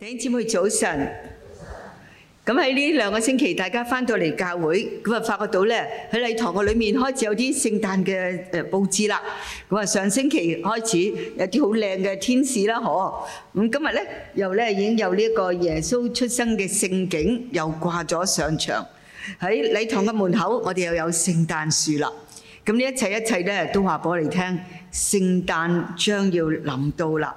弟兄姊妹早晨，咁喺呢兩個星期，大家翻到嚟教會，咁啊發覺到咧喺禮堂個裏面開始有啲聖誕嘅誒佈置啦。咁啊上星期開始有啲好靚嘅天使啦，嗬。咁今日咧又咧已經有呢個耶穌出生嘅聖景又掛咗上場喺禮堂嘅門口，我哋又有聖誕樹啦。咁呢一切一切咧都話俾我哋聽，聖誕將要臨到啦。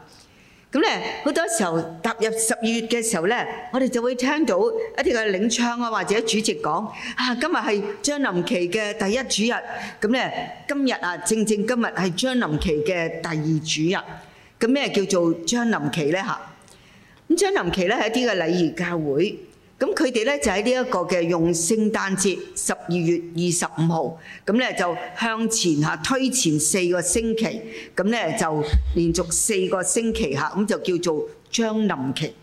咁咧，好多時候踏入十二月嘅時候咧，我哋就會聽到一啲嘅領唱啊，或者主席講：啊，今日係將臨期嘅第一主日。咁咧，今日啊，正正今日係將臨期嘅第二主日。咁咩叫做將臨期咧？嚇，咁將臨期咧係一啲嘅禮儀教會。咁佢哋咧就喺呢一個嘅用聖誕節十二月二十五號，咁咧就向前吓推前四個星期，咁咧就連續四個星期吓，咁就叫做將臨期。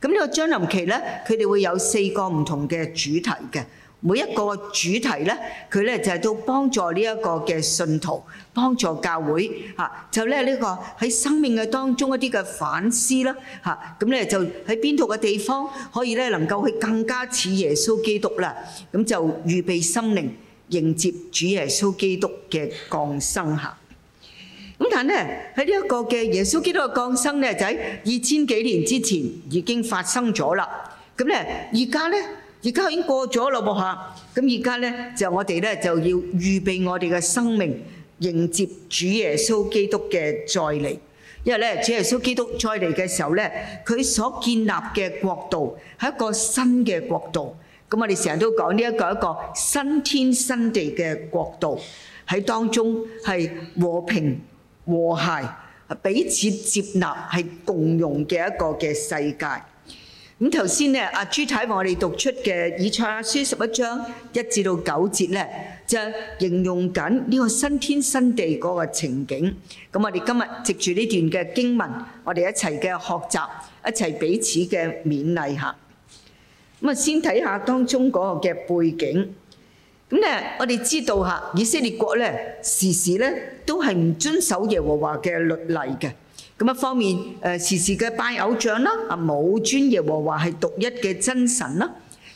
咁呢個將臨期咧，佢哋會有四個唔同嘅主題嘅。每一個主題呢，佢呢就係都幫助呢一個嘅信徒，幫助教會嚇，就呢呢個喺生命嘅當中一啲嘅反思啦嚇，咁呢就喺邊度嘅地方可以呢能夠去更加似耶穌基督啦，咁就預備心靈迎接主耶穌基督嘅降生下。咁但係呢喺呢一個嘅耶穌基督嘅降生呢，就喺二千幾年之前已經發生咗啦。咁呢而家呢。而家已經過咗啦，噃吓。咁而家呢就我哋呢就要預備我哋嘅生命，迎接主耶穌基督嘅再嚟。因為呢，主耶穌基督再嚟嘅時候呢，佢所建立嘅國度係一個新嘅國度。咁我哋成日都講呢一個一個新天新地嘅國度喺當中係和平、和諧、彼此接納、係共融嘅一個嘅世界。咁頭先呢，阿朱太為我哋讀出嘅《以賽亞書》十一章一至到九節呢，就形容緊呢個新天新地嗰個情景。咁我哋今日藉住呢段嘅經文，我哋一齊嘅學習，一齊彼此嘅勉勵嚇。咁啊，先睇下當中嗰個嘅背景。咁呢，我哋知道嚇，以色列國呢，時時呢都係唔遵守耶和華嘅律例嘅。咁一方面，誒時時嘅拜偶像啦，啊冇尊耶和華係獨一嘅真神啦。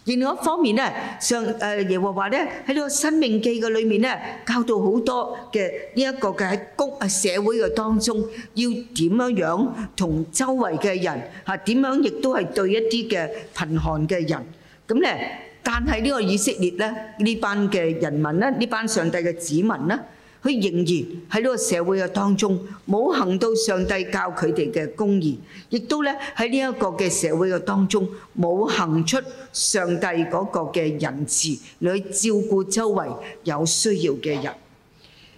另外一方面咧，上誒耶和華咧喺呢個生命記嘅裏面咧，教導好多嘅呢一個嘅喺谷啊社會嘅當中要點樣樣同周圍嘅人嚇點樣，亦都係對一啲嘅貧寒嘅人。咁咧，但係呢個以色列咧呢班嘅人民咧呢班上帝嘅子民咧。佢仍然喺呢個社會嘅當中冇行到上帝教佢哋嘅公義，亦都咧喺呢一個嘅社會嘅當中冇行出上帝嗰個嘅仁慈嚟照顧周圍有需要嘅人。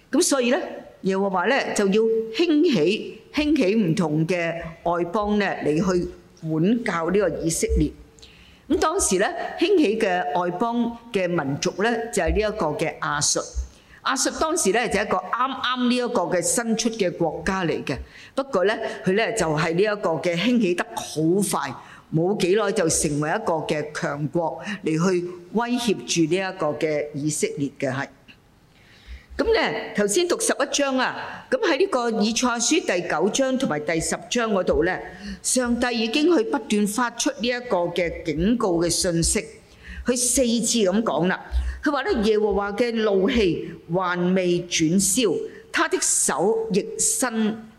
咁所以咧又話咧就要興起興起唔同嘅外邦咧嚟去管教呢個以色列。咁當時咧興起嘅外邦嘅民族咧就係呢一個嘅亞述。亞述當時咧就一個啱啱呢一個嘅新出嘅國家嚟嘅，不過咧佢咧就係呢一個嘅興起得好快，冇幾耐就成為一個嘅強國嚟去威脅住呢一個嘅以色列嘅。係咁咧頭先讀十一章啊，咁喺呢個以賽書第九章同埋第十章嗰度咧，上帝已經去不斷發出呢一個嘅警告嘅信息，佢四次咁講啦。佢話咧，耶和華嘅怒氣還未轉消，他的手亦伸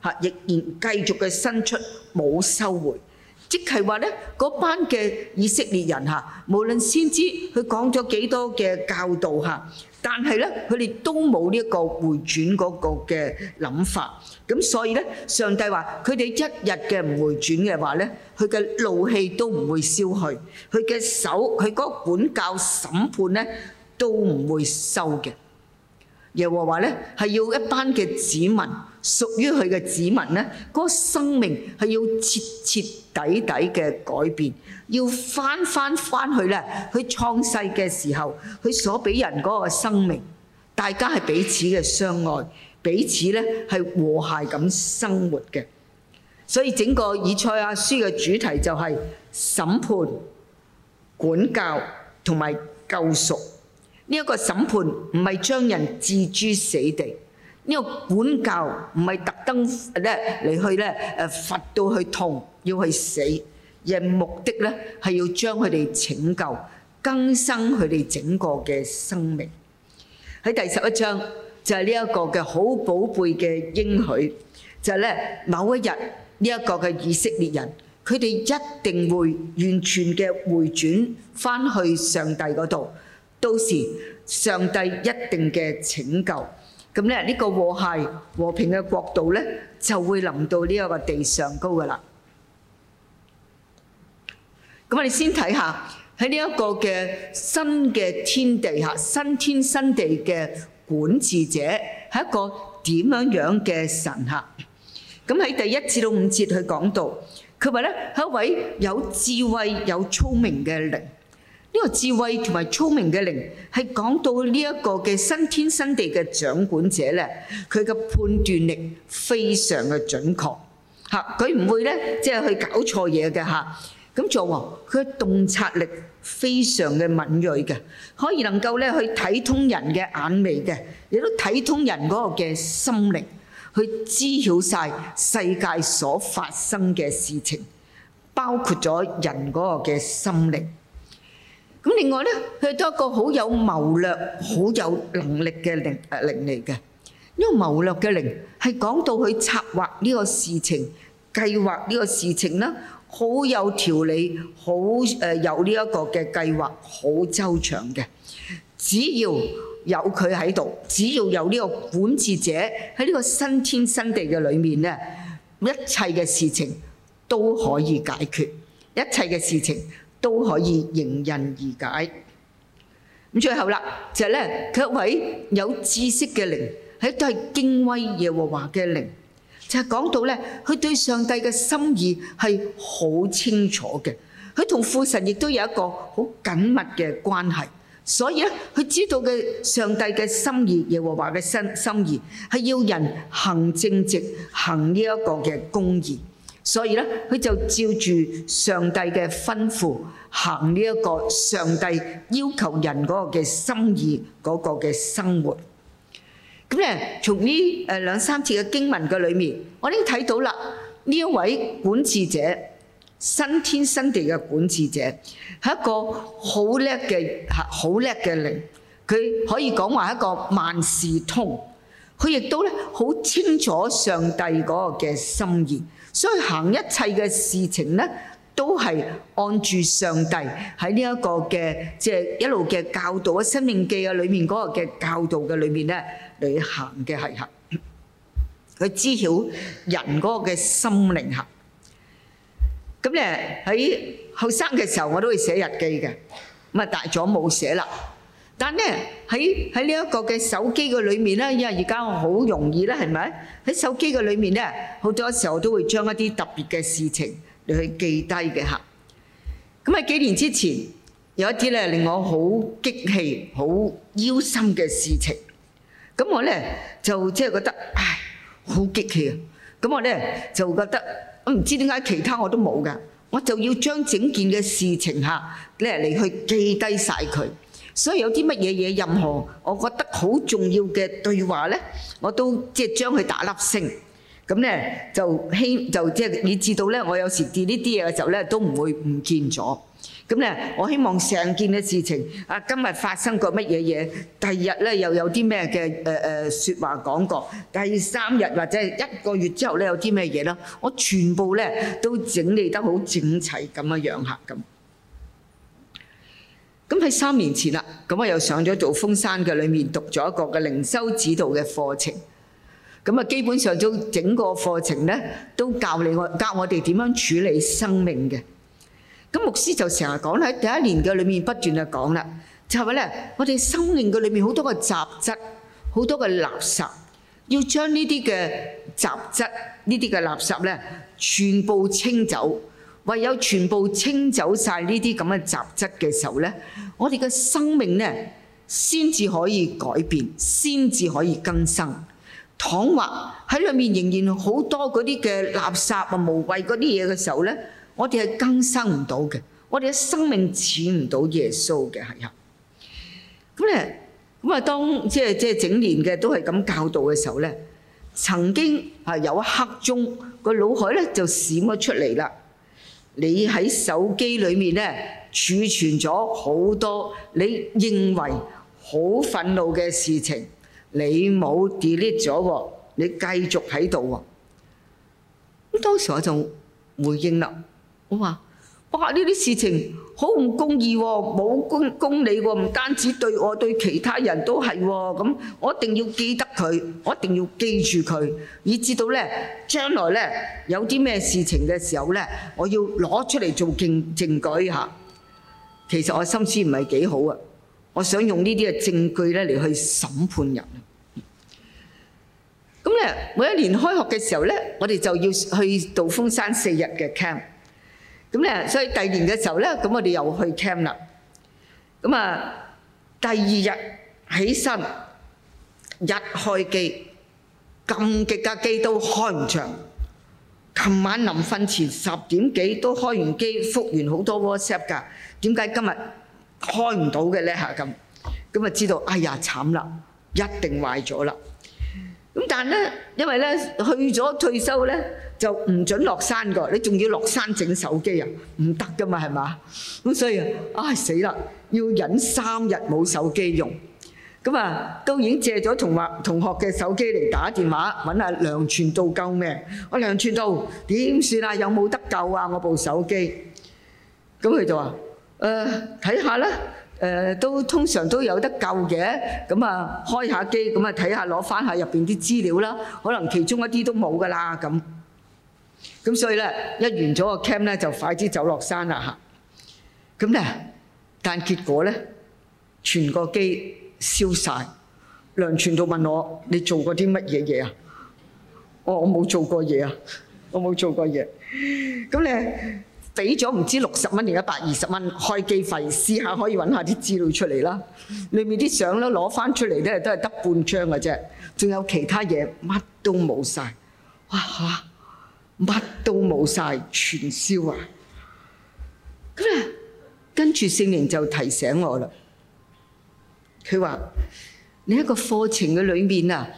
嚇，亦然繼續嘅伸出冇收回，即係話咧嗰班嘅以色列人嚇，無論先知佢講咗幾多嘅教導嚇，但係咧佢哋都冇呢一個回轉嗰個嘅諗法，咁所以咧上帝話佢哋一日嘅唔回轉嘅話咧，佢嘅怒氣都唔會消去，佢嘅手佢嗰管教審判咧，都唔會收嘅。耶和華呢，係要一班嘅子民，屬於佢嘅子民。呢個生命係要徹徹底底嘅改變，要翻翻翻去呢佢創世嘅時候，佢所俾人嗰個生命，大家係彼此嘅相愛，彼此呢係和諧咁生活嘅。所以整個以賽亞書嘅主題就係審判、管教同埋救贖。呢一個審判唔係將人置諸死地，呢個管教唔係特登咧嚟去咧誒罰到佢痛要去死，嘅目的咧係要將佢哋拯救、更生佢哋整個嘅生命。喺第十一章就係呢一個嘅好寶貝嘅應許，就係咧某一日呢一個嘅以色列人，佢哋一定會完全嘅回轉翻去上帝嗰度。到時上帝一定嘅拯救，咁咧呢個和諧和平嘅國度咧就會臨到呢一個地上高噶啦。咁我哋先睇下喺呢一個嘅新嘅天地嚇，新天新地嘅管治者係一個點樣樣嘅神嚇。咁喺第一至到五節佢講到，佢話咧係一位有智慧有聰明嘅靈。呢個智慧同埋聰明嘅靈，係講到呢一個嘅新天新地嘅掌管者咧，佢嘅判斷力非常嘅準確，嚇佢唔會咧即係去搞錯嘢嘅嚇。咁作王佢嘅洞察力非常嘅敏鋭嘅，可以能夠咧去睇通人嘅眼尾嘅，亦都睇通人嗰個嘅心靈，去知曉晒世界所發生嘅事情，包括咗人嗰個嘅心靈。咁另外咧，佢都係一個好有謀略、好有能力嘅靈誒靈嚟嘅。呢個謀略嘅靈係講到佢策劃呢個事情、計劃呢個事情啦，好有條理，好誒有呢一個嘅計劃，好周詳嘅。只要有佢喺度，只要有呢個管治者喺呢個新天新地嘅裏面咧，一切嘅事情都可以解決，一切嘅事情，都可以迎刃而解。咁最後啦，就係咧，佢一位有知識嘅靈，係都係敬畏耶和華嘅靈，就係講到咧，佢對上帝嘅心意係好清楚嘅，佢同父神亦都有一個好緊密嘅關係，所以咧，佢知道嘅上帝嘅心意，耶和華嘅心心意係要人行正直，行呢一個嘅公義。所以咧，佢就照住上帝嘅吩咐行呢一個上帝要求人嗰個嘅心意嗰個嘅生活。咁咧，從呢誒兩三次嘅經文嘅裏面，我已經睇到啦。呢一位管治者，新天新地嘅管治者，係一個好叻嘅嚇，好叻嘅靈。佢可以講話一個萬事通，佢亦都咧好清楚上帝嗰個嘅心意。所以行一切嘅事情咧，都係按住上帝喺呢一個嘅即係一路嘅教導嘅生命記嘅裏面嗰個嘅教導嘅裏面咧嚟行嘅係行，佢知曉人嗰個嘅心靈核。咁咧喺後生嘅時候我都會寫日記嘅，咁啊大咗冇寫啦。但呢，喺喺呢一個嘅手機嘅裏面呢，因為而家我好容易啦，係咪？喺手機嘅裏面呢，好多時候都會將一啲特別嘅事情嚟去記低嘅嚇。咁喺幾年之前，有一啲咧令我好激氣、好憂心嘅事情。咁我呢就即係覺得唉，好激氣啊！咁我呢就覺得我唔知點解其他我都冇㗎，我就要將整件嘅事情嚇咧嚟去記低晒佢。所以有啲乜嘢嘢，任何我覺得好重要嘅對話呢，我都即係將佢打粒聲。咁呢，就希、是、就即係你知道咧，我有時記呢啲嘢嘅時候呢，都唔會唔見咗。咁呢，我希望成件嘅事情，啊今日發生過乜嘢嘢，第二日呢又有啲咩嘅誒誒説話講過，第三日或者係一個月之後呢，有啲咩嘢咯，我全部呢都整理得好整齊咁嘅樣下咁。咁喺三年前啦，咁我又上咗道風山嘅裏面讀咗一個嘅靈修指導嘅課程，咁啊基本上都整個課程呢，都教你我教我哋點樣處理生命嘅。咁牧師就成日講喺第一年嘅裏面不斷嘅講啦，就係話呢，我哋生命嘅裏面好多嘅雜質，好多嘅垃圾，要將呢啲嘅雜質呢啲嘅垃圾呢，全部清走。唯有全部清走晒呢啲咁嘅雜質嘅時候咧，我哋嘅生命咧先至可以改變，先至可以更新。倘若喺裏面仍然好多嗰啲嘅垃圾啊、無謂嗰啲嘢嘅時候咧，我哋係更新唔到嘅，我哋嘅生命似唔到耶穌嘅係啊。咁咧，咁啊，當即係即係整年嘅都係咁教導嘅時候咧，曾經係有一刻鐘個腦海咧就閃咗出嚟啦。你喺手機裏面呢儲存咗好多你認為好憤怒嘅事情，你冇 delete 咗喎，你繼續喺度喎。咁當時我就回應啦，我話：哇！呢啲事情，好唔公義喎，冇公公理喎，唔單止對我，對其他人都係喎。咁我一定要記得佢，我一定要記住佢，以至到咧將來咧有啲咩事情嘅時候咧，我要攞出嚟做證證據嚇。其實我心思唔係幾好啊，我想用呢啲嘅證據咧嚟去審判人。咁咧，每一年開學嘅時候咧，我哋就要去道風山四日嘅 camp。咁咧，所以第二年嘅時候咧，咁我哋又去 camp 啦。咁啊，第二日起身，一開機咁極架機都開唔長。琴晚臨瞓前十點幾都開完機，復完好多 WhatsApp 㗎。點解今日開唔到嘅咧？嚇咁，咁啊知道，哎呀慘啦，一定壞咗啦。咁但咧，因為咧去咗退休咧。就唔準落山㗎，你仲要落山整手機啊？唔得㗎嘛，係嘛？咁所以啊，唉死啦！要忍三日冇手機用，咁啊都已經借咗同話同學嘅手機嚟打電話揾阿梁傳道救命。我梁傳道點算啊？有冇得救啊？我部手機？咁佢就話：誒睇下啦，誒都通常都有得救嘅。咁啊開下機，咁啊睇下攞翻下入邊啲資料啦。可能其中一啲都冇㗎啦咁。咁所以咧，一完咗個 cam 咧，就快啲走落山啦嚇。咁咧，但結果咧，全個機燒曬。梁傳道問我：你做過啲乜嘢嘢啊？我我冇做過嘢啊，我冇做過嘢。咁咧，俾咗唔知六十蚊定一百二十蚊開機費，試下可以揾下啲資料出嚟啦。裡面啲相都攞翻出嚟咧，都係得半張㗎啫。仲有其他嘢，乜都冇曬。哇嚇！乜都冇曬，全燒啊！咁啊，跟住聖靈就提醒我啦。佢話：你喺一個課程嘅裏面啊，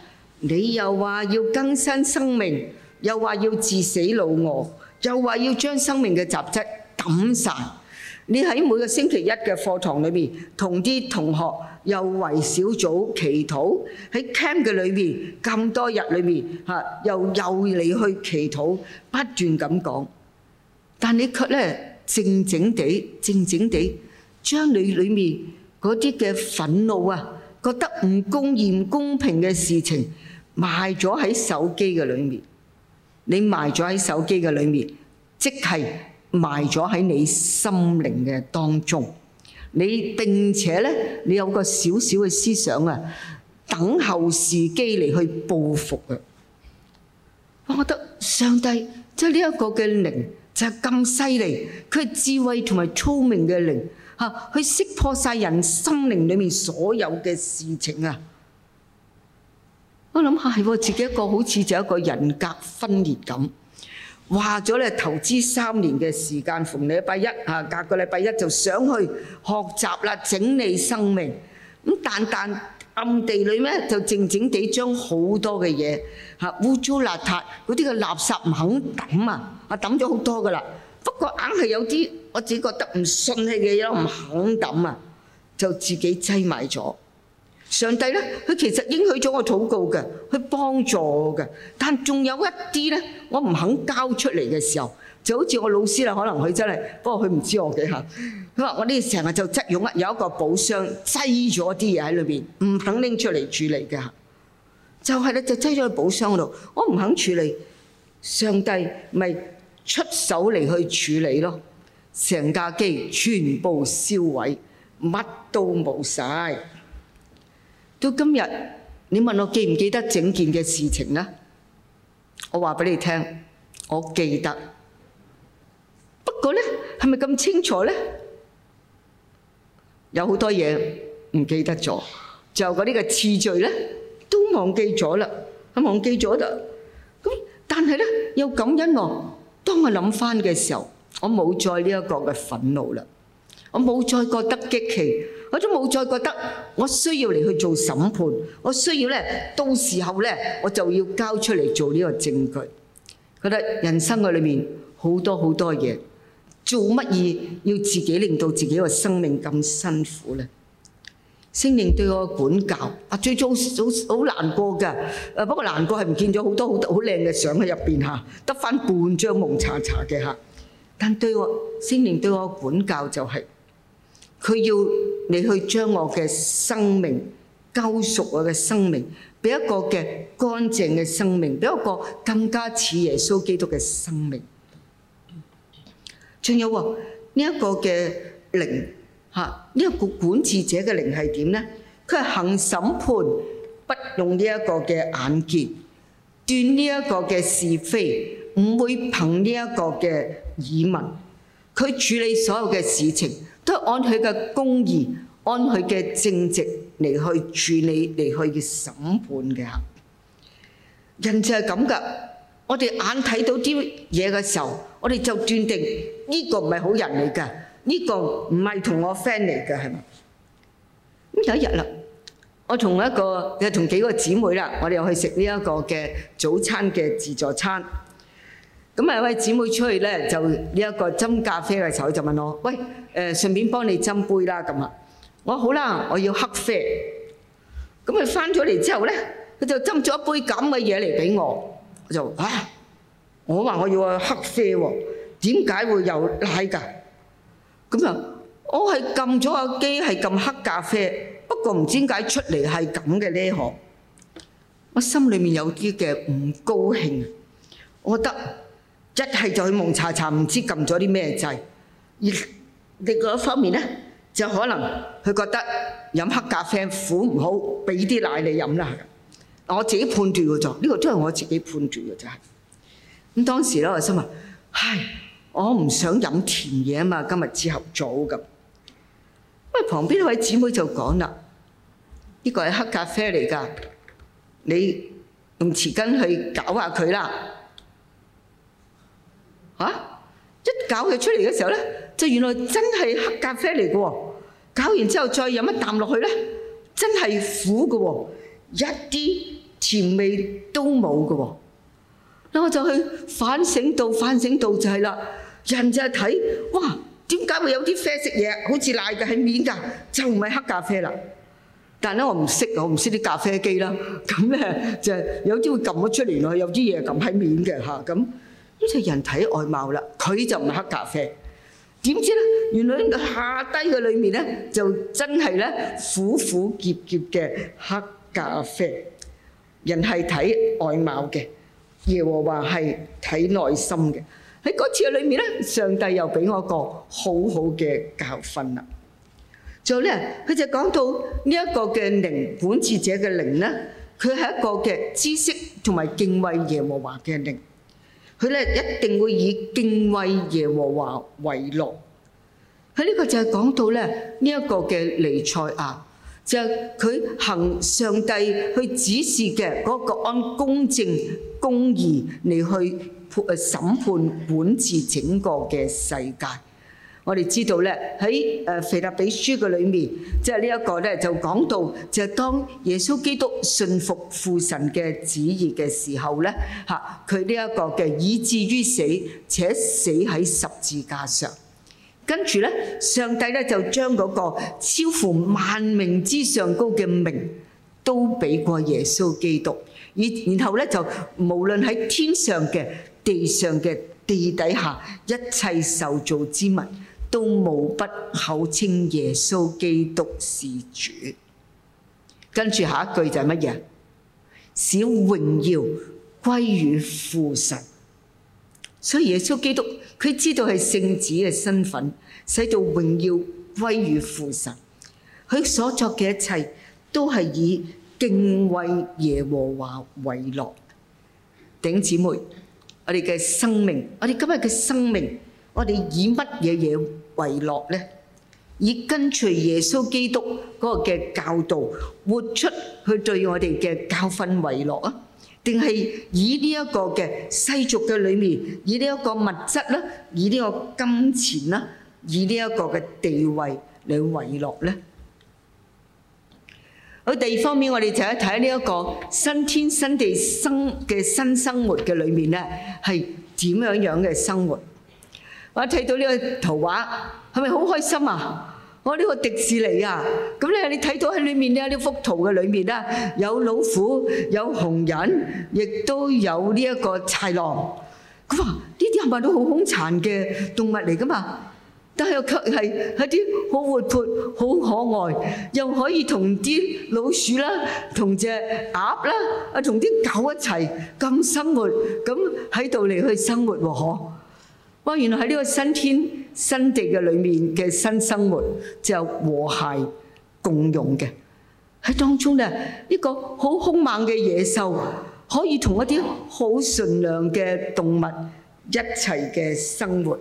你又話要更新生命，又話要治死老我，又話要將生命嘅雜質抌曬。你喺每個星期一嘅課堂裏面，同啲同學。又為小組祈禱，喺 camp 嘅裏面咁多日裏面嚇，又又你去祈禱，不斷咁講，但你卻咧，靜靜地，靜靜地將你裏面嗰啲嘅憤怒啊，覺得唔公義唔公平嘅事情埋咗喺手機嘅裏面，你埋咗喺手機嘅裏面，即係埋咗喺你心靈嘅當中。你並且咧，你有個少少嘅思想啊，等候時機嚟去報復啊！我覺得上帝即係呢一個嘅靈就係咁犀利，佢係智慧同埋聰明嘅靈啊，去識破曬人生靈裡面所有嘅事情啊！我諗下係自己一個好似就一個人格分裂咁。話咗咧，投資三年嘅時間，逢禮拜一啊，隔個禮拜一就想去學習啦，整理生命。咁但但暗地裏咧，就靜靜地將好多嘅嘢嚇污糟邋遢嗰啲嘅垃圾唔肯抌啊，啊抌咗好多噶啦。不過硬係有啲，我自己覺得唔順氣嘅嘢，唔肯抌啊，就自己擠埋咗。上帝咧，佢其實應許咗我禱告嘅，去幫助我嘅。但係仲有一啲咧，我唔肯交出嚟嘅時候，就好似我老師啦，可能佢真係，不過佢唔知我嘅嚇。佢話我呢，成日就執擁啊，有一個寶箱擠咗啲嘢喺裏邊，唔肯拎出嚟處理嘅嚇。就係咧，就擠咗喺寶箱嗰度，我唔肯處理。上帝咪出手嚟去處理咯，成架機全部燒毀，乜都冇曬。到今日，你問我記唔記得整件嘅事情呢？我話俾你聽，我記得。不過呢，係咪咁清楚呢？有好多嘢唔記得咗，就嗰啲嘅次序呢都忘記咗啦。咁忘記咗就咁，但係呢又感恩我。當我諗翻嘅時候，我冇再呢一個嘅憤怒啦，我冇再覺得激氣。我都冇再覺得我需要嚟去做審判，我需要咧，到時候咧我就要交出嚟做呢個證據。覺得人生嘅裏面好多好多嘢，做乜嘢要自己令到自己個生命咁辛苦咧？聖靈對我嘅管教啊，最初好好難過嘅，誒不過難過係唔見咗好多好好靚嘅相喺入邊嚇，得返半張蒙查查嘅嚇。但對我聖靈對我嘅管教就係。佢要你去將我嘅生命救贖我嘅生命，俾一個嘅乾淨嘅生命，俾一個更加似耶穌基督嘅生命。仲有喎，呢一個嘅靈嚇，呢一個管治者嘅靈係點咧？佢係行審判，不用呢一個嘅眼見，斷呢一個嘅是非，唔會憑呢一個嘅耳聞。佢處理所有嘅事情都係按佢嘅公義、按佢嘅正直嚟去處理，嚟去嘅審判嘅嚇。人就係咁噶，我哋眼睇到啲嘢嘅時候，我哋就斷定呢個唔係好人嚟噶，呢個唔係同我 friend 嚟噶，係嘛？咁有一日啦，我同一個又同幾個姊妹啦，我哋又去食呢一個嘅早餐嘅自助餐。咁啊有位姊妹出去咧，就呢一個斟咖啡嘅時候就問我，喂，誒，順便幫你斟杯啦。咁啊，我好啦，我要黑啡。咁佢翻咗嚟之後咧，佢就斟咗一杯咁嘅嘢嚟俾我。我就嚇，我話我要黑啡喎，點解會有奶㗎？咁啊，我係撳咗個機係撳黑咖啡，不過唔知點解出嚟係咁嘅咧？嗬，我心裏面有啲嘅唔高興，我覺得。一係就去蒙查查，唔知撳咗啲咩掣。而另外一方面咧，就可能佢覺得飲黑咖啡苦，唔好，俾啲奶你飲啦。我自己判斷嘅就，呢個都係我自己判斷嘅就係。咁當時咧，我心話：，唉，我唔想飲甜嘢啊嘛，今日之後早咁。咁啊，旁邊位姊妹就講啦：，呢個係黑咖啡嚟㗎，你用匙羹去攪下佢啦。嚇！一攪佢出嚟嘅時候咧，就原來真係黑咖啡嚟嘅喎。攪完之後再飲一啖落去咧，真係苦嘅喎，一啲甜味都冇嘅喎。那我就去反省到，反省到就係啦，人就係睇哇，點解會有啲啡色嘢，好似賴嘅喺面㗎，就唔係黑咖啡啦。但咧我唔識，我唔識啲咖啡機啦。咁咧就係有啲會撳咗出嚟咯，有啲嘢撳喺面嘅嚇咁。呢就人睇外貌啦，佢就唔係黑咖啡。點知咧，原來下低嘅裏面咧，就真係咧苦苦澀澀嘅黑咖啡。人係睇外貌嘅，耶和華係睇內心嘅。喺嗰次嘅裏面咧，上帝又俾我一個好好嘅教訓啦。仲有咧，佢就講到呢一個嘅靈，管治者嘅靈咧，佢係一個嘅知識同埋敬畏耶和華嘅靈。佢哋一定會以敬畏耶和華為樂，佢、這、呢個就係講到呢一、這個嘅尼賽亞，就佢、是、行上帝去指示嘅嗰個按公正公義嚟去誒審判本次整個嘅世界。我哋知道咧，喺誒腓立比書嘅裏面，即係呢一個咧就講到，就當耶穌基督信服父神嘅旨意嘅時候咧嚇，佢呢一個嘅以至於死，且死喺十字架上，跟住咧，上帝咧就將嗰個超乎萬名之上高嘅名都俾過耶穌基督，而然後咧就無論喺天上嘅、地上嘅、地底下一切受造之物。都無不口稱耶穌基督是主，跟住下一句就係乜嘢？使榮耀歸於父神。所以耶穌基督佢知道係聖子嘅身份，使到榮耀歸於父神。佢所作嘅一切都係以敬畏耶和華為樂。頂姊妹，我哋嘅生命，我哋今日嘅生命。我哋以乜嘢嘢為樂呢？以跟隨耶穌基督嗰個嘅教導，活出去對我哋嘅教訓為樂啊？定係以呢一個嘅世俗嘅裏面，以呢一個物質啦，以呢個金錢啦，以呢一個嘅地位嚟為樂呢？好，第二方面我哋就一睇呢一個新天新地生嘅新生活嘅裏面呢，係點樣樣嘅生活？我睇到呢個圖畫，係咪好開心啊？我呢個迪士尼啊，咁咧你睇到喺裏面咧呢幅圖嘅裏面啦，有老虎、有紅人，亦都有呢一個豺狼。佢話：呢啲係咪都好凶殘嘅動物嚟噶嘛？但係又卻係係啲好活潑、好可愛，又可以同啲老鼠啦、同隻鴨啦啊、同啲狗一齊咁生活，咁喺度嚟去生活喎，嗬？哇！原來喺呢個新天新地嘅裏面嘅新生活就和諧共融嘅喺當中咧，一個好凶猛嘅野獸可以同一啲好純良嘅動物一齊嘅生活。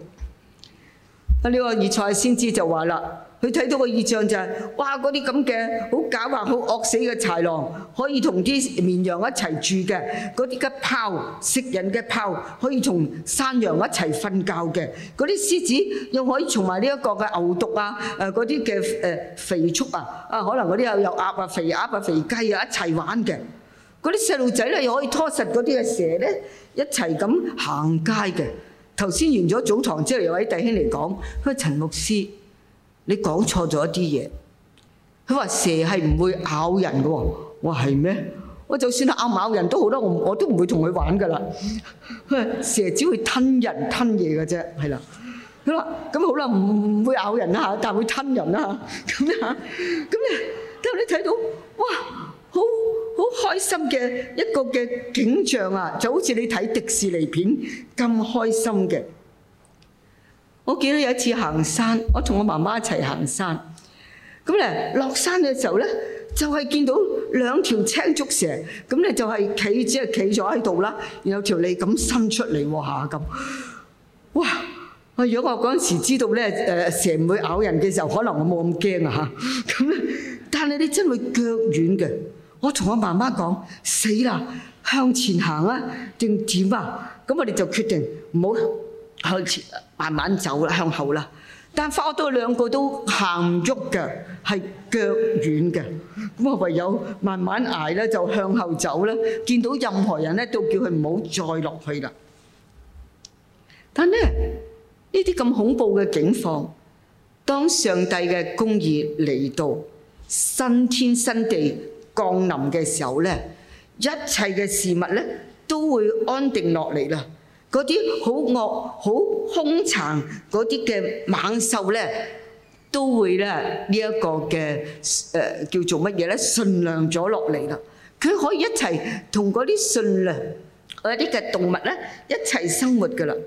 啊！呢個以賽亞先知就話啦。佢睇到個意象就係哇！嗰啲咁嘅好狡猾、好惡死嘅豺狼可以同啲綿羊一齊住嘅；嗰啲嘅豹食人嘅豹可以同山羊一齊瞓覺嘅；嗰啲獅子又可以同埋呢一個嘅牛毒啊、誒嗰啲嘅誒肥畜啊、啊可能嗰啲又有鴨啊、肥鴨啊、肥雞啊一齊玩嘅；嗰啲細路仔咧又可以拖實嗰啲嘅蛇咧一齊咁行街嘅。頭先完咗早堂之後，有位弟兄嚟講，佢陳牧師。你講錯咗一啲嘢，佢話蛇係唔會咬人嘅喎，我話係咩？我就算咬唔咬人都好啦，我我都唔會同佢玩噶啦。佢話蛇只會吞人吞嘢嘅啫，係啦、嗯嗯。好啦，咁好啦，唔會咬人啦嚇，但會吞人啦嚇，咁樣，咁咧，之後你睇到，哇，好好開心嘅一個嘅景象啊，就好似你睇迪士尼片咁開心嘅。我記得有一次行山，我同我媽媽一齊行山。咁咧落山嘅時候咧，就係見到兩條青竹蛇。咁咧就係企，即係企咗喺度啦，有條脷咁伸出嚟喎咁。哇！啊，如果我嗰陣時知道咧，誒蛇唔會咬人嘅時候，可能我冇咁驚啊嚇。咁咧，但係你真係腳軟嘅。我同我媽媽講：死啦，向前行啊！定點啊？咁我哋就決定唔好。向前慢慢走啦，向後啦。但係花都兩個都行唔喐嘅，係腳軟嘅。咁我唯有慢慢挨啦，就向後走啦。見到任何人咧，都叫佢唔好再落去啦。但係咧，呢啲咁恐怖嘅境況，當上帝嘅公義嚟到新天新地降臨嘅時候咧，一切嘅事物咧都會安定落嚟啦。嗰啲好惡、好兇殘嗰啲嘅猛獸咧，都會咧呢一個嘅誒叫做乜嘢咧？馴良咗落嚟啦，佢可以一齊同嗰啲馴良嗰啲嘅動物咧一齊生活㗎喇。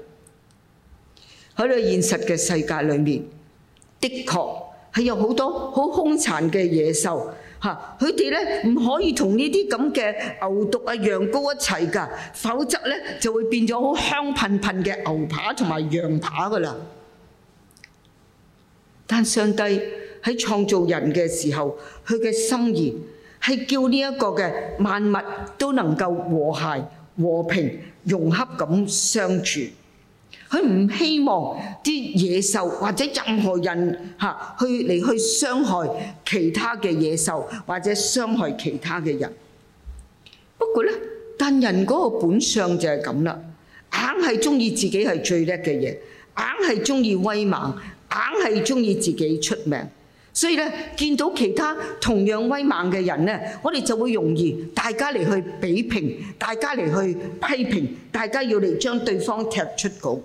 喺你現實嘅世界裏面，的確係有好多好兇殘嘅野獸。嚇！佢哋咧唔可以同呢啲咁嘅牛犢啊、羊羔一齊噶，否則咧就會變咗好香噴噴嘅牛扒同埋羊扒噶啦。但上帝喺創造人嘅時候，佢嘅心意係叫呢一個嘅萬物都能夠和諧、和平、融洽咁相處。佢唔希望啲野獸或者任何人嚇去嚟去傷害其他嘅野獸或者傷害其他嘅人。不過呢，但人嗰個本相就係咁啦，硬係中意自己係最叻嘅嘢，硬係中意威猛，硬係中意自己出名。所以呢，見到其他同樣威猛嘅人呢，我哋就會容易大家嚟去比拼，大家嚟去批評，大家要嚟將對方踢出局。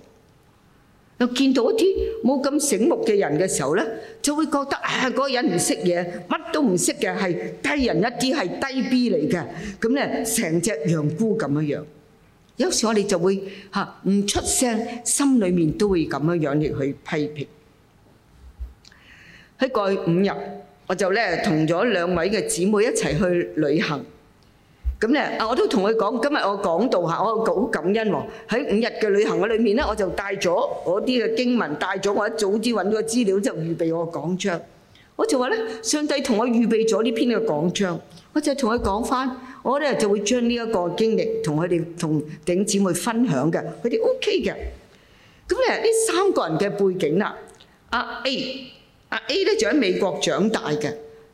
又見到一啲冇咁醒目嘅人嘅時候咧，就會覺得啊，嗰個人唔識嘢，乜都唔識嘅，係低人一啲，係低 B 嚟嘅。咁咧，成隻羊菇咁樣樣。有時我哋就會嚇唔出聲，心裏面都會咁樣樣嚟去批評。喺過去五日，我就咧同咗兩位嘅姊妹一齊去旅行。咁咧，我都同佢講，今日我講道嚇，我好感恩喎。喺五日嘅旅行嘅裏面咧，我就帶咗嗰啲嘅經文，帶咗我一早先揾到嘅資料，就預備我個講章。我就話咧，上帝同我預備咗呢篇嘅講章，我就同佢講翻，我咧就會將呢一個經歷同佢哋同弟兄姊妹分享嘅，佢哋 O K 嘅。咁咧，呢三個人嘅背景啦，阿 A，阿 A 咧就喺美國長大嘅，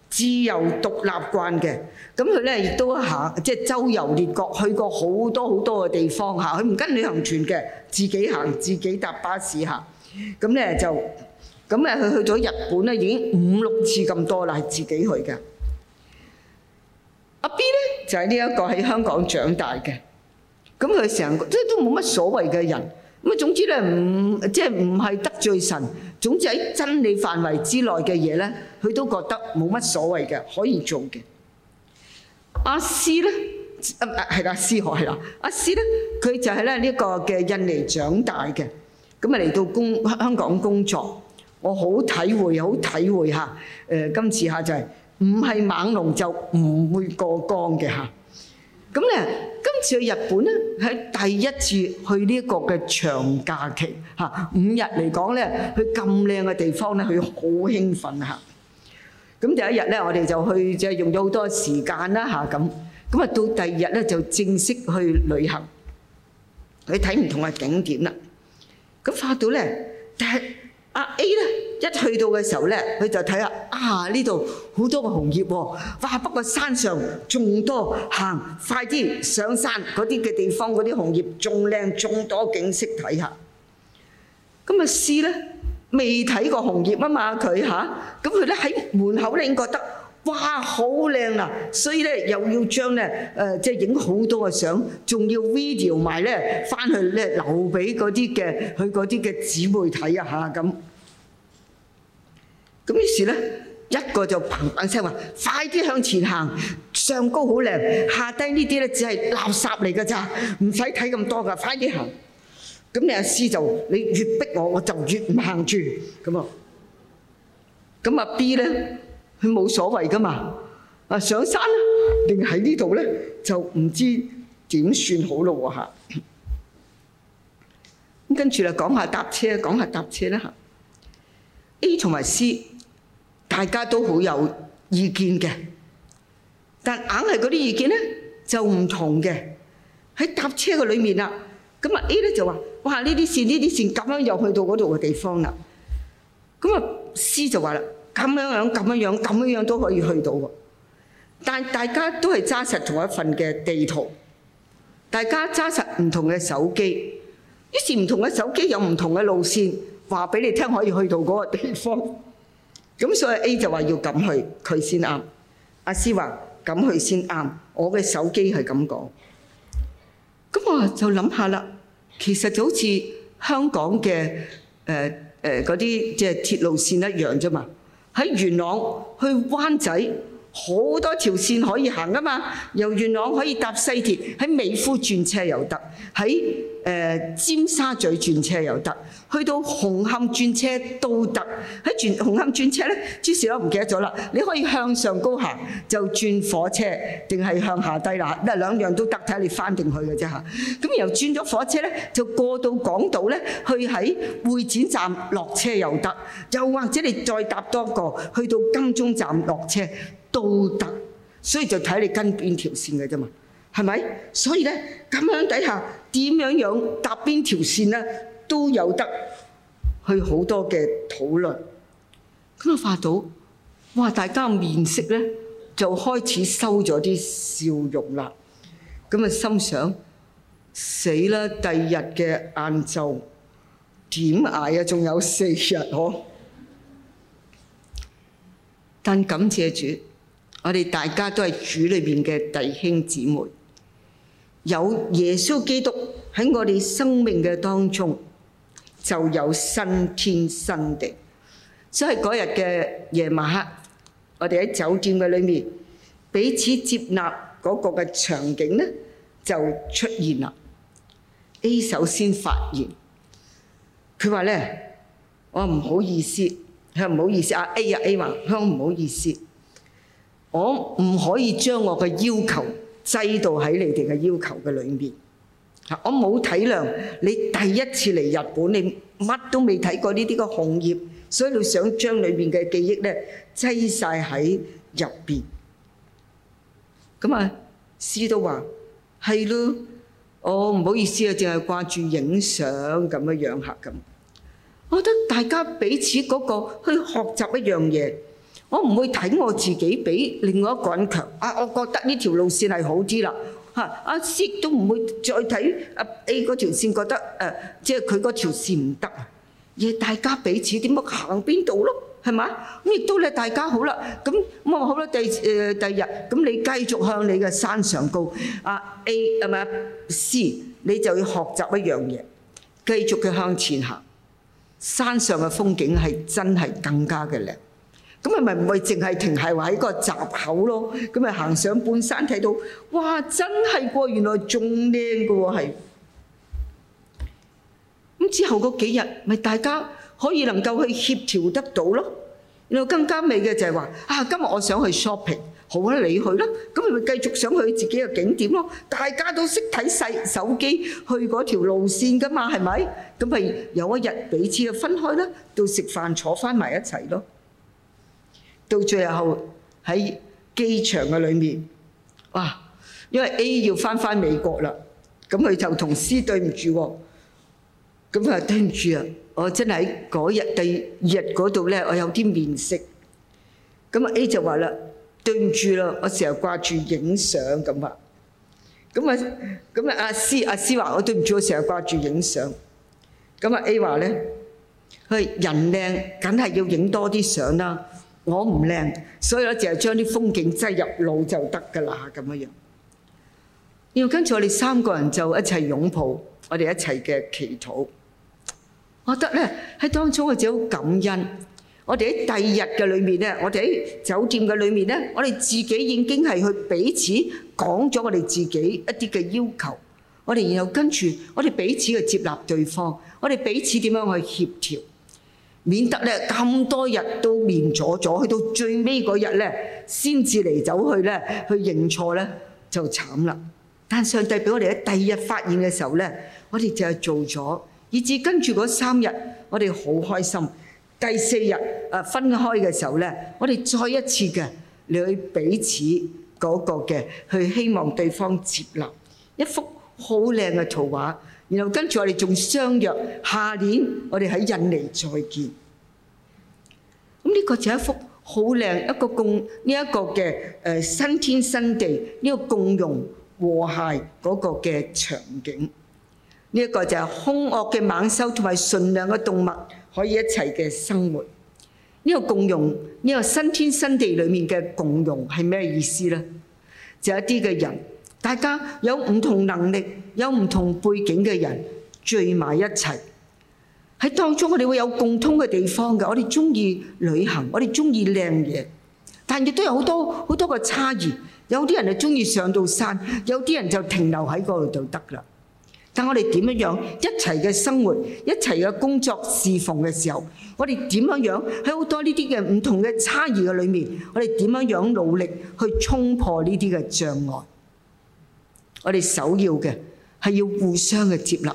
自由獨立慣嘅。咁佢咧亦都行，即係周遊列國，去過好多好多嘅地方。嚇，佢唔跟旅行團嘅，自己行，自己搭巴士行。咁咧就咁咧，佢去咗日本咧已經五六次咁多啦，係自己去嘅。阿 B 咧就係呢一個喺香港長大嘅，咁佢成個即係都冇乜所謂嘅人。咁啊，總之咧唔即係唔係得罪神。總之喺真理範圍之內嘅嘢咧，佢都覺得冇乜所謂嘅，可以做嘅。阿斯咧，唔係係阿斯河係啦。阿斯咧，佢就係咧呢個嘅印尼長大嘅，咁啊嚟到工香香港工作。我好體會，好體會嚇。誒，今次嚇就係唔係猛龍就唔會過江嘅嚇。咁咧，今次去日本咧，係第一次去呢個嘅長假期嚇，五日嚟講咧，去咁靚嘅地方咧，佢好興奮嚇。咁第一日咧，我哋就去，就係用咗好多時間啦嚇咁。咁啊到第二日咧，就正式去旅行，去睇唔同嘅景點啦。咁發到咧，但係阿 A 咧一去到嘅時候咧，佢就睇下啊，呢度好多個紅葉喎！哇，不過山上仲多行，快啲上山嗰啲嘅地方嗰啲紅葉仲靚，仲多景色睇下。咁啊 C 咧。未睇過紅葉啊嘛，佢嚇，咁佢咧喺門口咧已經覺得哇好靚啦，所以咧又要將咧誒即係影好多嘅相，仲要 video 埋咧，翻去咧留俾嗰啲嘅佢嗰啲嘅姊妹睇啊嚇咁。咁於是咧，一個就嘭一聲話：快啲向前行，上高好靚，下低呢啲咧只係垃圾嚟噶咋，唔使睇咁多噶，快啲行！咁你 A 就你越逼我，我就越唔行住咁啊！咁啊 B 呢，佢冇所謂㗎嘛，啊上山啦，定喺呢度呢就唔知點算好咯嚇。咁跟住呢講下搭車，講下搭車啦嚇。A 同埋 C 大家都好有意見嘅，但硬係嗰啲意見呢就唔同嘅喺搭車嘅裏面啦。咁啊 A 咧就話：哇！呢啲線，呢啲線咁樣又去到嗰度嘅地方啦。咁啊，C 就話啦：咁樣樣，咁樣樣，咁樣樣都可以去到喎。但大家都係揸實同一份嘅地圖，大家揸實唔同嘅手機，於是唔同嘅手機有唔同嘅路線，話俾你聽可以去到嗰個地方。咁所以 A 就話要咁去，佢先啱。阿 C 話：咁去先啱，我嘅手機係咁講。哇！就諗下啦，其實就好似香港嘅誒誒嗰啲即係鐵路線一樣啫嘛，喺元朗去灣仔。好多條線可以行噶嘛？由元朗可以搭西鐵，喺美孚轉車又得，喺誒尖沙咀轉車又得，去到紅磡轉車都得。喺轉紅磡轉車咧，諸事我唔記得咗啦。你可以向上高行就轉火車，定係向下低啦，兩樣都得，睇下你翻定去嘅啫嚇。咁然後轉咗火車咧，就過到港島咧，去喺會展站落車又得，又或者你再搭多個去到金鐘站落車。都得，所以就睇你跟邊條線嘅啫嘛，係咪？所以咧，咁樣底下點樣樣搭邊條線咧，都有得去好多嘅討論。咁啊發到，哇！大家面色咧就開始收咗啲笑容啦。咁啊心想：死啦！第二日嘅晏晝點捱啊？仲有四日呵、啊。但感謝主。我哋大家都係主裏面嘅弟兄姊妹，有耶穌基督喺我哋生命嘅當中，就有新天新地。所以嗰日嘅夜晚黑，我哋喺酒店嘅裏面，彼此接納嗰個嘅場景咧，就出現啦。A 首先發言，佢話咧：我唔好意思，佢話唔好意思啊。A 啊 A 話：佢講唔好意思。A, A 我唔可以將我嘅要求擠到喺你哋嘅要求嘅裏面，啊！我冇體諒你第一次嚟日本，你乜都未睇過呢啲嘅紅葉，所以你想將裏面嘅記憶呢擠晒喺入邊。咁啊，師都話係咯，我唔好意思啊，淨係掛住影相咁樣樣吓咁。我覺得大家彼此嗰個去學習一樣嘢。我唔會睇我自己比另外一個人強啊！我覺得呢條路線係好啲啦吓，阿 C 都唔會再睇阿 A 嗰條線，覺得誒，即係佢嗰條線唔得啊！而大家彼此點樣行邊度咯？係咪？咁亦都咧，大家好啦。咁咁我好啦。第誒第日，咁你繼續向你嘅山上高，阿 A 係咪啊？C 你就要學習一樣嘢，繼續嘅向前行。山上嘅風景係真係更加嘅靚。咁咪咪唔係淨係停係喎喺個閘口咯，咁咪行上半山睇到，哇！真係喎，原來仲靚㗎喎係。咁之後嗰幾日，咪大家可以能夠去協調得到咯。然後更加美嘅就係話，啊，今日我想去 shopping，好啊，你去啦。咁咪繼續想去自己嘅景點咯。大家都識睇細手機去嗰條路線㗎嘛，係咪？咁係有一日彼此就分開啦，到食飯坐翻埋一齊咯。到最後喺機場嘅裏面，哇！因為 A 要返返美國啦，咁佢就同 C 對唔住喎。咁啊對唔住啊，我真係喺嗰日第二日嗰度咧，我有啲面色。咁啊 A 就話啦：對唔住啦，我成日掛住影相咁啊。咁啊咁啊阿 C 阿 C 話：我對唔住，我成日掛住影相。咁啊 A 話咧：佢人靚，梗係要影多啲相啦。我唔靚，所以咧就係將啲風景擠入腦就得㗎啦，咁樣樣。然後跟住我哋三個人就一齊擁抱，我哋一齊嘅祈禱。我覺得咧喺當初我就好感恩。我哋喺第二日嘅裏面咧，我哋喺酒店嘅裏面咧，我哋自己已經係去彼此講咗我哋自己一啲嘅要求。我哋然後跟住我哋彼此去接納對方，我哋彼此點樣去協調。免得咧咁多日都面阻阻，去到最尾嗰日咧，先至嚟走去咧，去認錯咧就慘啦。但上帝俾我哋喺第二日發現嘅時候咧，我哋就係做咗，以致跟住嗰三日我哋好開心。第四日啊，分開嘅時候咧，我哋再一次嘅你去彼此嗰個嘅去希望對方接納一幅好靚嘅圖畫，然後跟住我哋仲相約下年我哋喺印尼再見。咁呢個就係一幅好靚一個共呢一個嘅誒新天新地呢個共融和諧嗰個嘅場景。呢一個就係兇惡嘅猛獸同埋善良嘅動物可以一齊嘅生活。呢個共融呢個新天新地裡面嘅共融係咩意思呢？就係一啲嘅人，大家有唔同能力、有唔同背景嘅人聚埋一齊。喺當中，我哋會有共通嘅地方嘅，我哋中意旅行，我哋中意靚嘢，但亦都有好多好多嘅差異。有啲人就中意上到山，有啲人就停留喺嗰度就得啦。但我哋點樣樣一齊嘅生活，一齊嘅工作侍奉嘅時候，我哋點樣樣喺好多呢啲嘅唔同嘅差異嘅裏面，我哋點樣樣努力去衝破呢啲嘅障礙。我哋首要嘅係要互相嘅接納。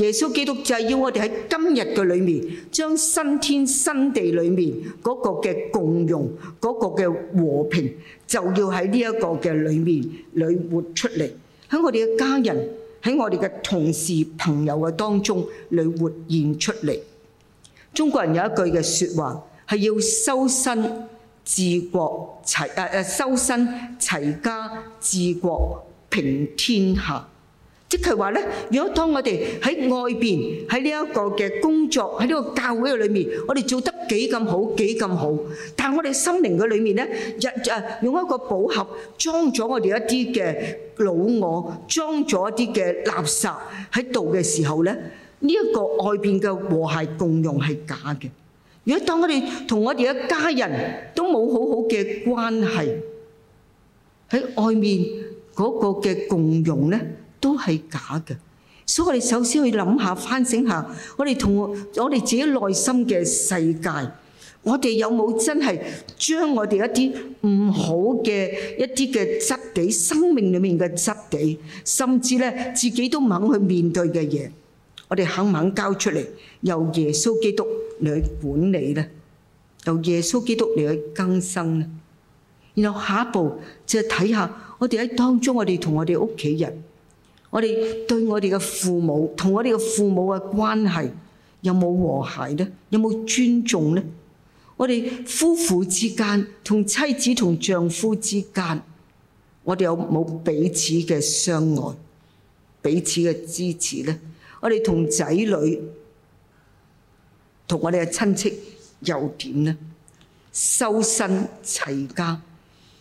耶穌基督就係要我哋喺今日嘅裏面，將新天新地裏面嗰個嘅共融、嗰個嘅和平，就要喺呢一個嘅裏面裏活出嚟，喺我哋嘅家人、喺我哋嘅同事朋友嘅當中裏活現出嚟。中國人有一句嘅説話係要修身治國齊，誒誒修身齊家治國平天下。即係話咧，如果當我哋喺外邊，喺呢一個嘅工作，喺呢個教會嘅裏面，我哋做得幾咁好幾咁好，但係我哋心靈嘅裏面咧，日日用一個寶盒裝咗我哋一啲嘅老我，裝咗一啲嘅垃圾喺度嘅時候咧，呢一個外邊嘅和諧共融係假嘅。如果當我哋同我哋一家人都冇好好嘅關係，喺外面嗰個嘅共融咧？都係假嘅，所以我哋首先去諗下、反省下，我哋同我我哋自己內心嘅世界，我哋有冇真係將我哋一啲唔好嘅一啲嘅質地、生命裏面嘅質地，甚至咧自己都唔肯去面對嘅嘢，我哋肯唔肯交出嚟，由耶穌基督嚟去管理咧，由耶穌基督嚟去更新咧？然後下一步就係睇下我哋喺當中，我哋同我哋屋企人。我哋對我哋嘅父母同我哋嘅父母嘅關係有冇和諧呢？有冇尊重呢？我哋夫婦之間同妻子同丈夫之間，我哋有冇彼此嘅相愛、彼此嘅支持呢？我哋同仔女、同我哋嘅親戚又點呢？修身齊家。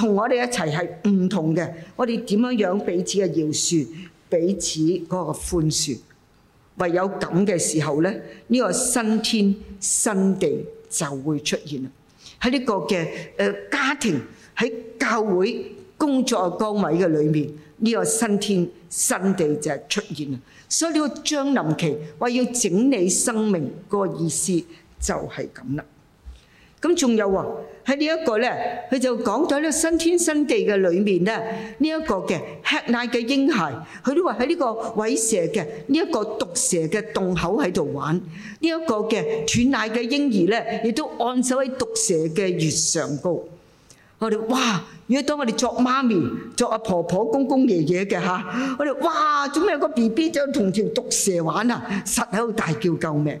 同我哋一齊係唔同嘅，我哋點樣樣彼此嘅饒恕，彼此嗰個寬恕，唯有咁嘅時候呢，呢個新天新地就會出現啦。喺呢個嘅誒家庭，喺教會工作嘅崗位嘅裏面，呢個新天新地就出現啦。所以呢個將臨期話要整理生命嗰個意思就係咁啦。咁仲有啊？喺呢一個咧，佢就講咗喺呢個新天新地嘅裏面咧，呢一個嘅吃奶嘅嬰孩，佢都話喺呢個虺蛇嘅呢一個毒蛇嘅洞口喺度玩，呢一個嘅斷奶嘅嬰兒咧，亦都按手喺毒蛇嘅穴上高。我哋哇，如果當我哋作媽咪、作阿婆婆、公公、爺爺嘅嚇，我哋哇，做咩有個 B B 將同條毒蛇玩啊？實喺度大叫救命！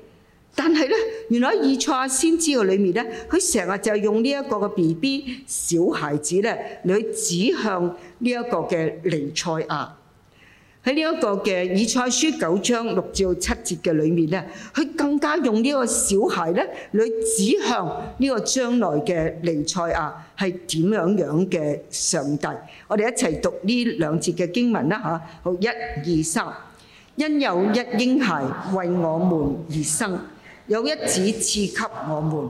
但係咧，原來喺以賽亞先知嘅裏面咧，佢成日就用呢一個嘅 B B 小孩子咧，嚟指向呢一個嘅彌賽亞。喺呢一個嘅以賽書九章六至七節嘅裏面咧，佢更加用呢個小孩咧嚟指向呢個將來嘅彌賽亞係點樣樣嘅上帝。我哋一齊讀呢兩節嘅經文啦嚇，好一、二、三，因有一嬰孩為我們而生。有一子賜給我們，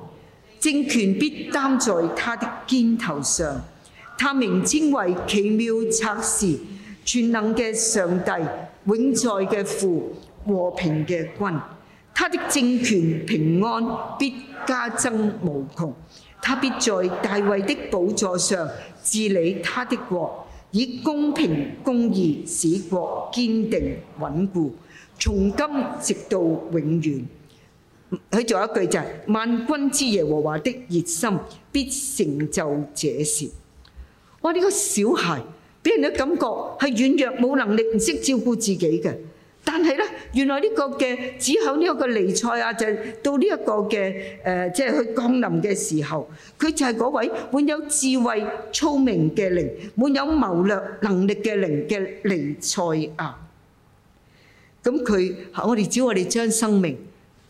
政權必擔在他的肩頭上。他名稱為奇妙、策士、全能嘅上帝，永在嘅父，和平嘅君。他的政權平安必加增無窮。他必在大衛的寶座上治理他的國，以公平公義使國堅定穩固，從今直到永遠。佢仲有一句就係萬軍之耶和華的熱心必成就這事。哇！呢個小孩俾人嘅感覺係軟弱、冇能力、唔識照顧自己嘅，但係咧，原來呢個嘅只後呢一個彌賽亞，就到呢一個嘅誒，即係去降臨嘅時候，佢就係嗰位滿有智慧、聰明嘅靈，滿有謀略能力嘅靈嘅彌賽亞。咁佢，我哋只要我哋將生命，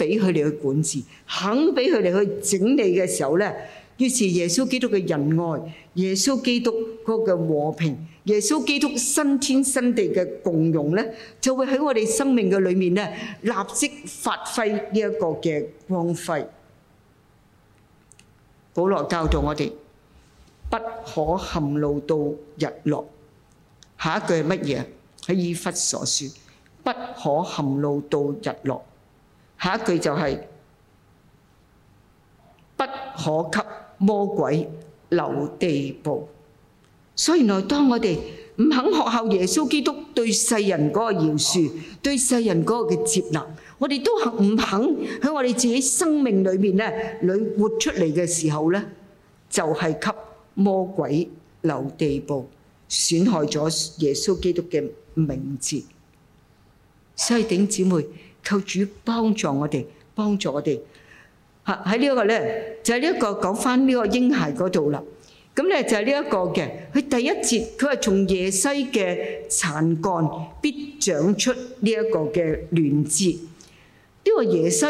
俾佢哋去管治，肯俾佢哋去整理嘅時候咧，於是耶穌基督嘅仁愛、耶穌基督嗰個和平、耶穌基督新天新地嘅共融咧，就會喺我哋生命嘅裏面咧，立即發揮呢一個嘅光輝。保羅教導我哋不可含怒到日落，下一句係乜嘢啊？喺以弗所說，不可含怒到日落。下一句就係不可給魔鬼留地步，所以原來當我哋唔肯學效耶穌基督對世人嗰個饒恕、對世人嗰個嘅接納，我哋都肯唔肯喺我哋自己生命裏面咧，裏活出嚟嘅時候咧，就係給魔鬼留地步，損害咗耶穌基督嘅名字。所以頂姊妹。求主幫助我哋，幫助我哋。嚇，喺呢一個咧，就係呢一個講返呢個嬰孩嗰度啦。咁咧就係呢一個嘅，佢第一節佢係從耶西嘅殘幹必長出呢一個嘅嫩枝。呢個耶西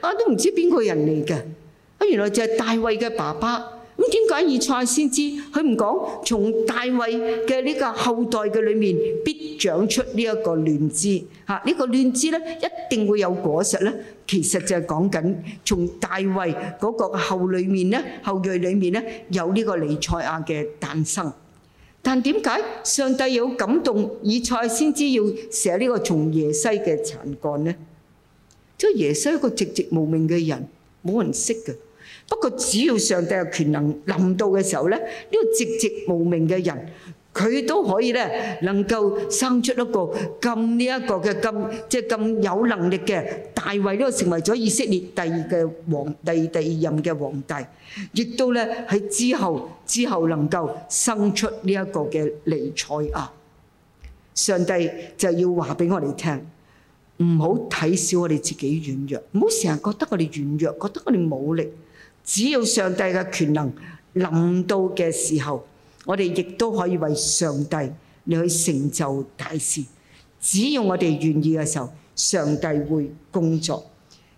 啊，都唔知邊個人嚟嘅。啊，原來就係大衛嘅爸爸。點解以賽先知，佢唔講從大衛嘅呢個後代嘅裏面必長出呢一個嫩枝，吓呢個嫩枝咧一定會有果實咧。其實就係講緊從大衛嗰個後裏面咧，後裔裏面咧有呢個尼賽亞嘅誕生。但點解上帝有感動以賽先知要寫呢個從耶西嘅殘幹咧？即係耶西一個寂寂無名嘅人，冇人識嘅。不過，只要上帝嘅權能臨到嘅時候咧，呢個寂寂無名嘅人，佢都可以咧能夠生出一個咁呢一個嘅咁即係咁有能力嘅大衞，呢個成為咗以色列第二嘅皇帝、第二任嘅皇帝，亦都咧喺之後之後能夠生出呢一個嘅彌賽亞。上帝就要話俾我哋聽，唔好睇小我哋自己軟弱，唔好成日覺得我哋軟弱，覺得我哋冇力。只要上帝嘅權能臨到嘅時候，我哋亦都可以為上帝，你去成就大事。只要我哋願意嘅時候，上帝會工作。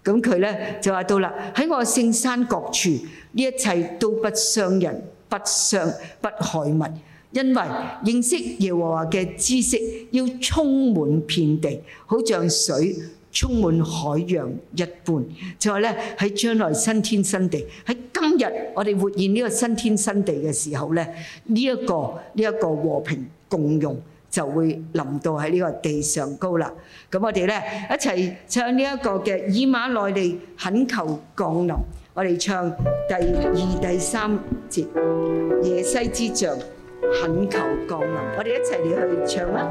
咁佢呢就話到啦，喺我聖山各處，呢一切都不傷人，不傷不害物，因為認識耶和華嘅知識要充滿遍地，好像水，充滿海洋一般，就係咧喺將來新天新地。喺今日我哋活現呢個新天新地嘅時候咧，呢一個呢一個和平共融就會臨到喺呢個地上高啦。咁我哋咧一齊唱呢一個嘅以馬內利，懇求降臨。我哋唱第二第三節耶西之象，懇求降臨。我哋一齊嚟去唱啦！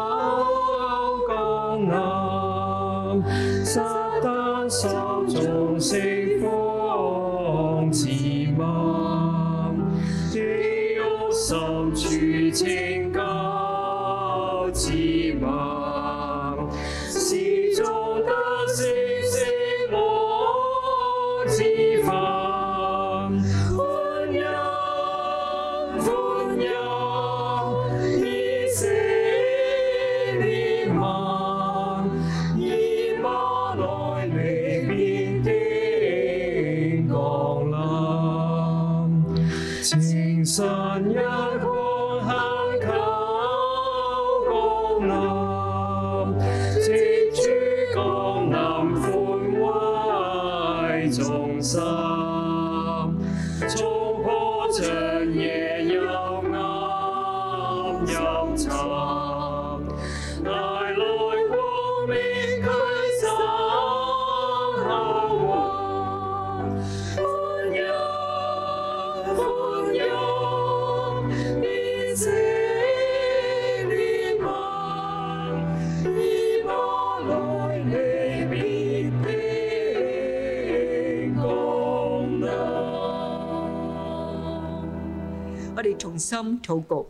禱告，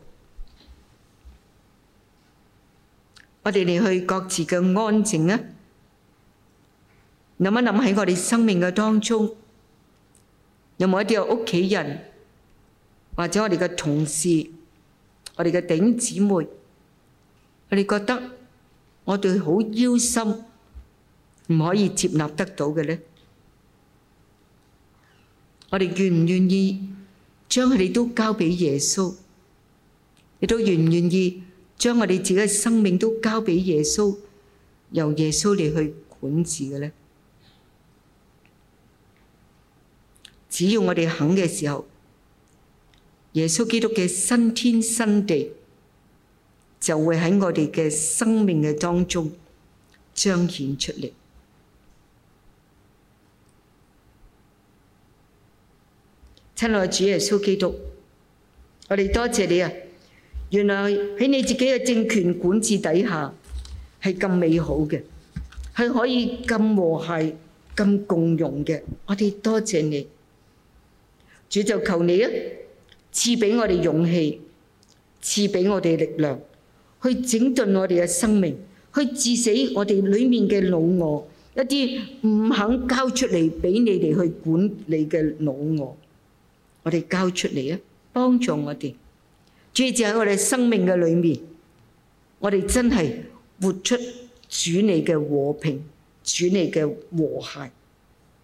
我哋嚟去各自嘅安靜啊！諗一諗喺我哋生命嘅當中，有冇一啲屋企人或者我哋嘅同事、我哋嘅頂姊妹，我哋覺得我哋好憂心，唔可以接納得到嘅咧？我哋願唔願意將佢哋都交俾耶穌？你都願唔願意將我哋自己嘅生命都交俾耶穌，由耶穌嚟去管治嘅呢？只要我哋肯嘅時候，耶穌基督嘅新天新地就會喺我哋嘅生命嘅當中彰顯出嚟。親愛的主耶穌基督，我哋多謝你啊！原來喺你自己嘅政權管治底下係咁美好嘅，係可以咁和諧、咁共融嘅。我哋多謝你，主就求你啊，賜俾我哋勇氣，賜俾我哋力量，去整頓我哋嘅生命，去治死我哋裏面嘅老我，一啲唔肯交出嚟俾你哋去管理嘅老我，我哋交出嚟啊，幫助我哋。主就喺我哋生命嘅裏面，我哋真係活出主你嘅和平、主你嘅和諧，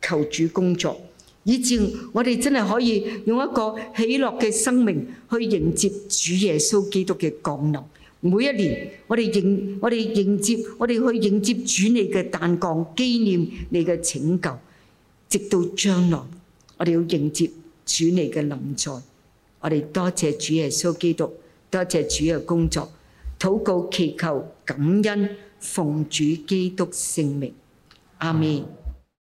求主工作，以致我哋真係可以用一個喜樂嘅生命去迎接主耶穌基督嘅降臨。每一年，我哋迎我哋迎接，我哋去迎接主你嘅誕降，紀念你嘅拯救，直到將來，我哋要迎接主你嘅臨在。我哋多謝主耶穌基督，多謝主嘅工作，禱告祈求感恩，奉主基督聖名，阿門。